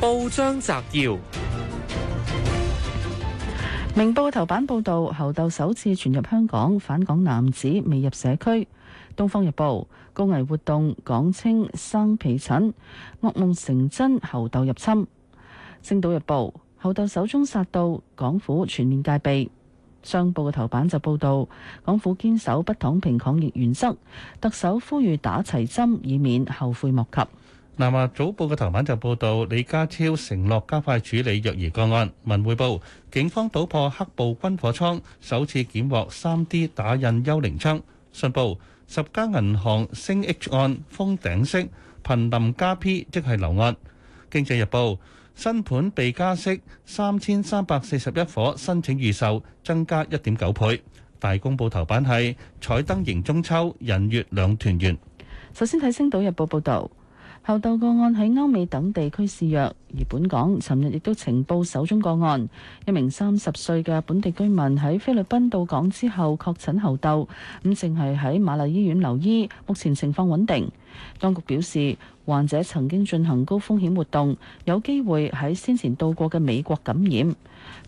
報章摘要：明報嘅頭版報道，猴痘首次傳入香港，返港男子未入社區。東方日報，高危活動港青生皮疹，噩夢成真，猴痘入侵。星島日報，猴痘首宗殺到，港府全面戒備。商報嘅頭版就報道，港府堅守不躺平抗疫原則，特首呼籲打齊針，以免後悔莫及。南華早報嘅頭版就報道，李家超承諾加快處理虐兒個案。文匯報，警方搗破黑暴軍火倉，首次檢獲三 D 打印幽靈槍。信報，十間銀行升 H 按封頂息，瀕臨加 P 即係樓按。經濟日報，新盤被加息三千三百四十一夥申請預售，增加一點九倍。大公報頭版係彩燈迎中秋，人月兩團圓。首先睇《星島日報》報導。猴痘個案喺歐美等地區肆虐，而本港尋日亦都呈報首宗個案，一名三十歲嘅本地居民喺菲律賓到港之後確診猴痘，咁淨係喺瑪麗醫院留醫，目前情況穩定。當局表示，患者曾經進行高風險活動，有機會喺先前到過嘅美國感染。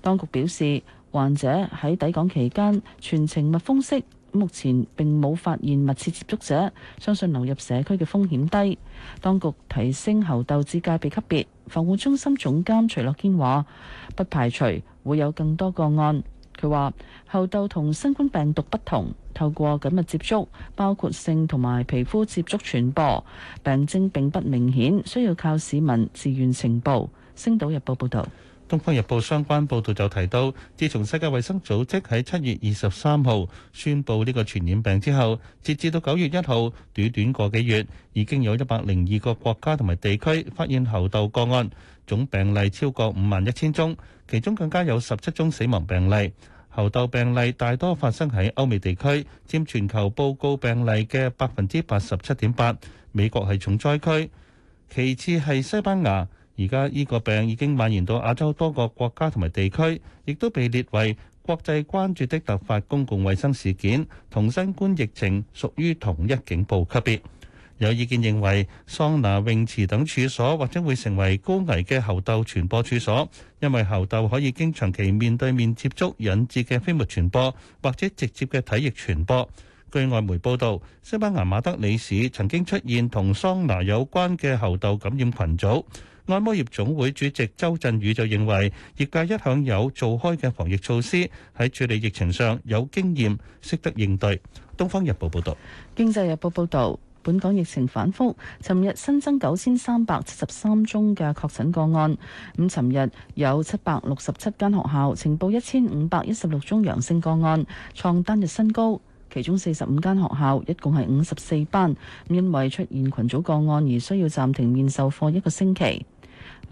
當局表示，患者喺抵港期間全程密封式。目前並冇發現密切接觸者，相信流入社區嘅風險低。當局提升猴痘至戒備級別，防護中心總監徐樂堅話：不排除會有更多個案。佢話猴痘同新冠病毒不同，透過緊密接觸、包括性同埋皮膚接觸傳播，病徵並不明顯，需要靠市民自願呈報。星島日報報導。《東方日報》相關報導就提到，自從世界衛生組織喺七月二十三號宣布呢個傳染病之後，截至到九月一號，短短個幾月已經有一百零二個國家同埋地區發現猴痘個案，總病例超過五萬一千宗，其中更加有十七宗死亡病例。猴痘病例大多發生喺歐美地區，佔全球報告病例嘅百分之八十七點八，美國係重災區，其次係西班牙。而家依個病已經蔓延到亞洲多個國家同埋地區，亦都被列為國際關注的突發公共衛生事件，同新冠疫情屬於同一警報級別。有意見認為，桑拿泳池等處所或者會成為高危嘅猴痘傳播處所，因為猴痘可以經長期面對面接觸引致嘅飛沫傳播，或者直接嘅體液傳播。據外媒報導，西班牙馬德里市曾經出現同桑拿有關嘅猴痘感染群組。按摩業總會主席周振宇就認為，業界一向有做開嘅防疫措施，喺處理疫情上有經驗，識得應對。《東方日報》報導，《經濟日報》報導，本港疫情反覆，尋日新增九千三百七十三宗嘅確診個案。咁尋日有七百六十七間學校呈報一千五百一十六宗陽性個案，創單日新高。其中四十五間學校一共係五十四班，因為出現群組個案而需要暫停面授課一個星期。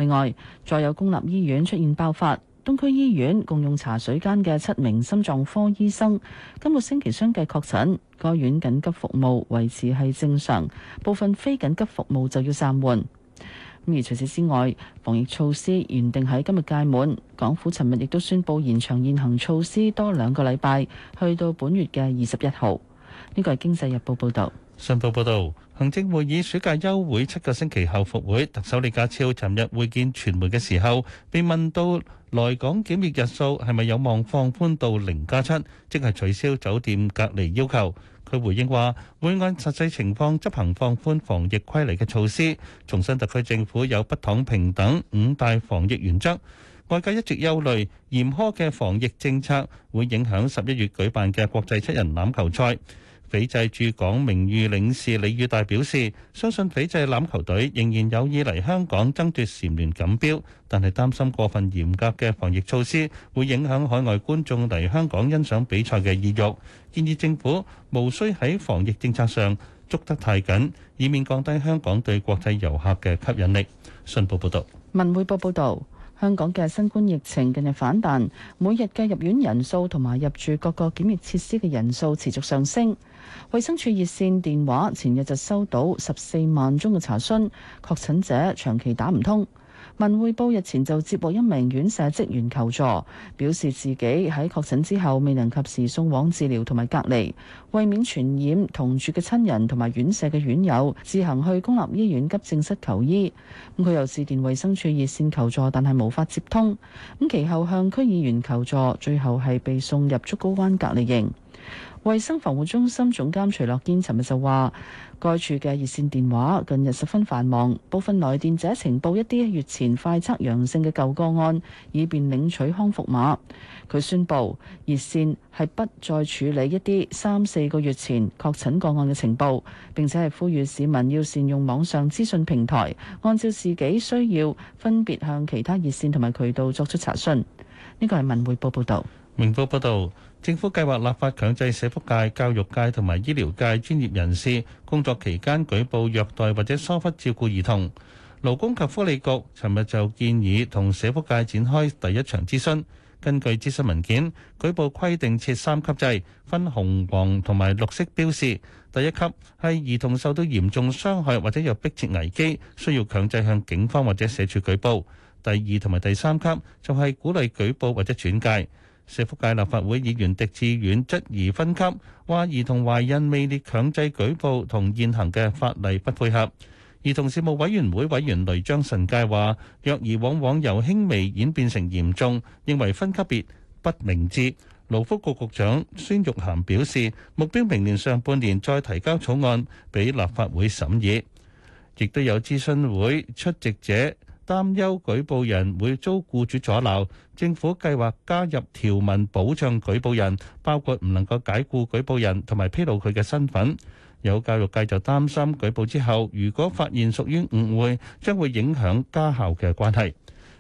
另外，再有公立醫院出現爆發，東區醫院共用茶水間嘅七名心臟科醫生今個星期相繼確診，該院緊急服務維持係正常，部分非緊急服務就要暫緩。而除此之外，防疫措施原定喺今日屆滿，港府尋日亦都宣布延長現行措施多兩個禮拜，去到本月嘅二十一號。呢個係經濟日報報導，信報報導。行政會議暑假休會七個星期後復會，特首李家超尋日會見傳媒嘅時候，被問到來港檢疫日數係咪有望放寬到零加七，即係取消酒店隔離要求。佢回應話，會按實際情況執行放寬防疫規例嘅措施。重申特區政府有不躺平等五大防疫原則。外界一直憂慮嚴苛嘅防疫政策會影響十一月舉辦嘅國際七人欖球賽。斐濟駐港名譽領事李宇大表示，相信斐濟欖球隊仍然有意嚟香港爭奪蟬聯錦標，但係擔心過分嚴格嘅防疫措施會影響海外觀眾嚟香港欣賞比賽嘅意欲，建議政府無需喺防疫政策上捉得太緊，以免降低香港對國際遊客嘅吸引力。信報報道，文匯報報道。香港嘅新冠疫情近日反彈，每日嘅入院人數同埋入住各個檢疫設施嘅人數持續上升。衛生署熱線電話前日就收到十四萬宗嘅查詢，確診者長期打唔通。文匯報日前就接獲一名院舍職員求助，表示自己喺確診之後未能及時送往治療同埋隔離，為免傳染同住嘅親人同埋院舍嘅院友，自行去公立醫院急症室求醫。咁佢又致電衛生署熱線求助，但係無法接通。咁其後向區議員求助，最後係被送入竹篙灣隔離營。衛生防護中心總監徐樂堅尋日就話，該處嘅熱線電話近日十分繁忙，部分來電者呈報一啲月前快測陽性嘅舊個案，以便領取康復碼。佢宣布，熱線係不再處理一啲三四個月前確診個案嘅呈報，並且係呼籲市民要善用網上資訊平台，按照自己需要分別向其他熱線同埋渠道作出查詢。呢個係文匯報報道，明報報道。政府計劃立法強制社福界、教育界同埋醫療界專業人士工作期間舉報虐待或者疏忽照顧兒童。勞工及福利局尋日就建議同社福界展開第一場諮詢。根據諮詢文件，舉報規定設三級制，分紅黃同埋綠色標示。第一級係兒童受到嚴重傷害或者有迫切危機，需要強制向警方或者社署舉報。第二同埋第三級就係鼓勵舉報或者轉介。社福界立法會議員狄志遠質疑分級，話兒童懷孕未列強制舉報，同現行嘅法例不配合。兒童事務委員會委員雷張慎佳話：若兒往往由輕微演變成嚴重，認為分級別不明智。勞福局局長孫玉菡表示，目標明年上半年再提交草案俾立法會審議。亦都有諮詢會出席者。擔憂舉報人會遭雇主阻撓，政府計劃加入條文保障舉報人，包括唔能夠解雇舉報人同埋披露佢嘅身份。有教育界就擔心舉報之後，如果發現屬於誤會，將會影響家校嘅關係。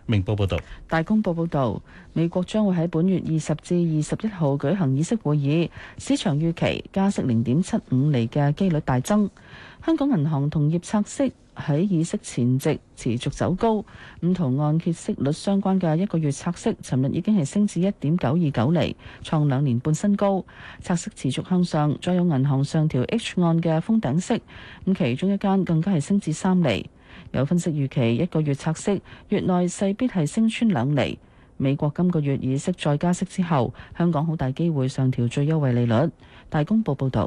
明報報導。大公報報導，美國將會喺本月二十至二十一號舉行議息會議，市場預期加息零點七五厘嘅機率大增。香港銀行同業拆息喺議息前夕持續走高，咁同按揭息率相關嘅一個月拆息，尋日已經係升至一點九二九釐，創兩年半新高。拆息持續向上，再有銀行上調 H 按嘅封頂息，咁其中一間更加係升至三厘。有分析預期一個月拆息月內勢必係升穿兩厘。美國今個月議息再加息之後，香港好大機會上調最優惠利率。大公報報導。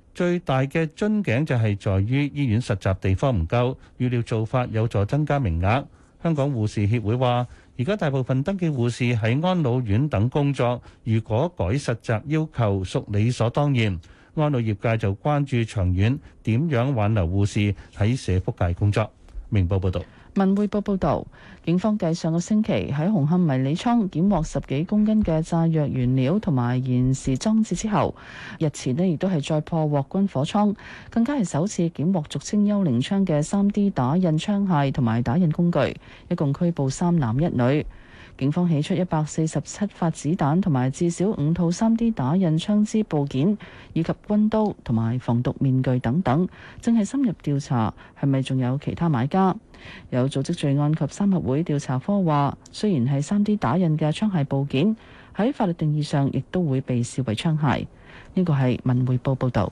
最大嘅樽頸就係在於醫院實習地方唔夠，預料做法有助增加名額，香港護士協會話而家大部分登記護士喺安老院等工作，如果改實習要求，屬理所當然。安老業界就關注長遠點樣挽留護士喺社福界工作。明報報道。文匯報報道，警方繼上個星期喺紅磡迷你倉檢獲十幾公斤嘅炸藥原料同埋延時裝置之後，日前呢，亦都係再破獲軍火倉，更加係首次檢獲俗稱幽靈槍嘅 3D 打印槍械同埋打印工具，一共拘捕三男一女。警方起出一百四十七發子彈同埋至少五套三 D 打印槍支部件，以及軍刀同埋防毒面具等等，正係深入調查，係咪仲有其他買家。有組織罪案及三合會調查科話，雖然係三 D 打印嘅槍械部件，喺法律定義上亦都會被視為槍械。呢個係文匯報報道。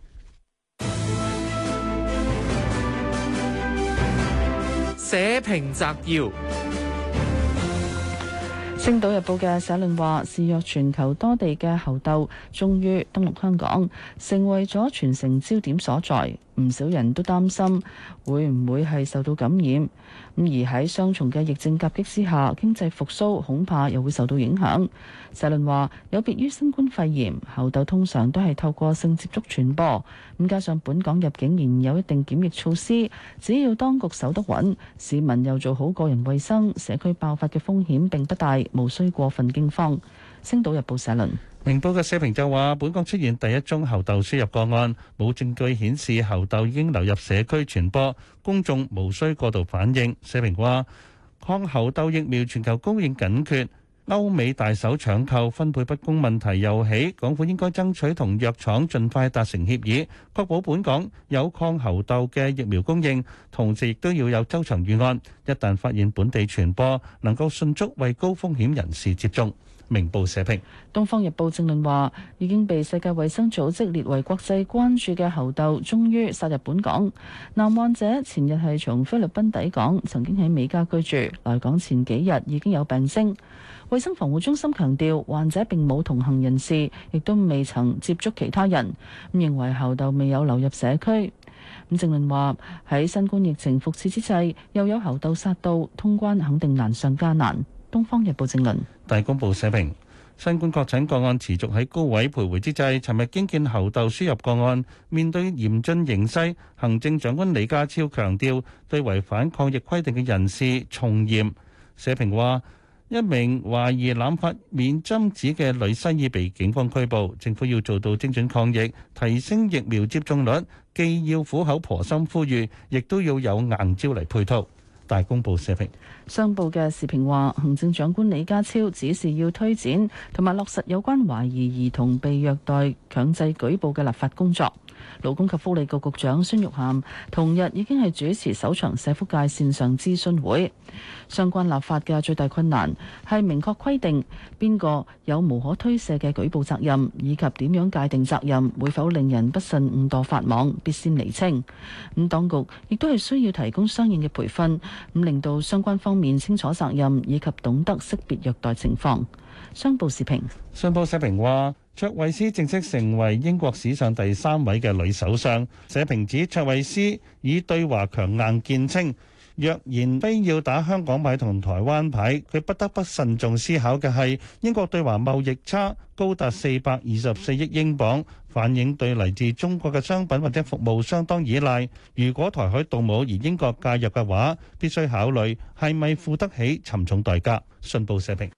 社評摘要：《星島日報》嘅社論話：肆虐全球多地嘅猴痘終於登陸香港，成為咗全城焦點所在。唔少人都擔心會唔會係受到感染，咁而喺雙重嘅疫症夾擊之下，經濟復甦恐怕又會受到影響。社論話，有別於新冠肺炎，猴痘通常都係透過性接觸傳播，咁加上本港入境仍有一定檢疫措施，只要當局守得穩，市民又做好個人衛生，社區爆發嘅風險並不大，無需過分驚慌。星島日報社論。明報嘅社評就話：本港出現第一宗猴痘輸入個案，冇證據顯示猴痘已經流入社區傳播，公眾無需過度反應。社評話：抗猴痘疫苗全球供應緊缺，歐美大手搶購，分配不公問題又起。港府應該爭取同藥廠盡快達成協議，確保本港有抗猴痘嘅疫苗供應，同時亦都要有周詳預案，一旦發現本地傳播，能夠迅速為高風險人士接種。明報社評，《東方日報》正論話，已經被世界衛生組織列為國際關注嘅猴痘，終於殺入本港。男患者前日係從菲律賓抵港，曾經喺美加居住，來港前幾日已經有病徵。衛生防護中心強調，患者並冇同行人士，亦都未曾接觸其他人，咁認為猴痘未有流入社區。咁正論話，喺新冠疫情復熾之際，又有猴痘殺到，通關肯定難上加難。《東方日報》正論大公報社評：新冠確診個案持續喺高位徘徊之際，尋日驚見猴痘輸入個案。面對嚴峻形勢，行政長官李家超強調，對違反抗疫規定嘅人士從嚴。社評話：一名懷疑濫發免針紙嘅女生已被警方拘捕。政府要做到精準抗疫，提升疫苗接種率，既要苦口婆心呼籲，亦都要有硬招嚟配套。大公報社評，商報嘅視頻話行政長官李家超指示要推展同埋落實有關懷疑兒童被虐待強制舉報嘅立法工作。勞工及福利局局長孫玉菡同日已經係主持首場社福界線上諮詢會。相關立法嘅最大困難係明確規定邊個有無可推卸嘅舉報責任，以及點樣界定責任會否令人不慎誤墮法網，必先釐清。咁、嗯、當局亦都係需要提供相應嘅培訓，咁、嗯、令到相關方面清楚責任以及懂得識別虐待情況。商報時評，商報時評話。卓慧斯正式成為英國史上第三位嘅女首相。社評指卓慧斯以對華強硬見稱，若然非要打香港牌同台灣牌，佢不得不慎重思考嘅係英國對華貿易差高達四百二十四億英鎊，反映對嚟自中國嘅商品或者服務相當依賴。如果台海動武而英國介入嘅話，必須考慮係咪付得起沉重代價。信報社評。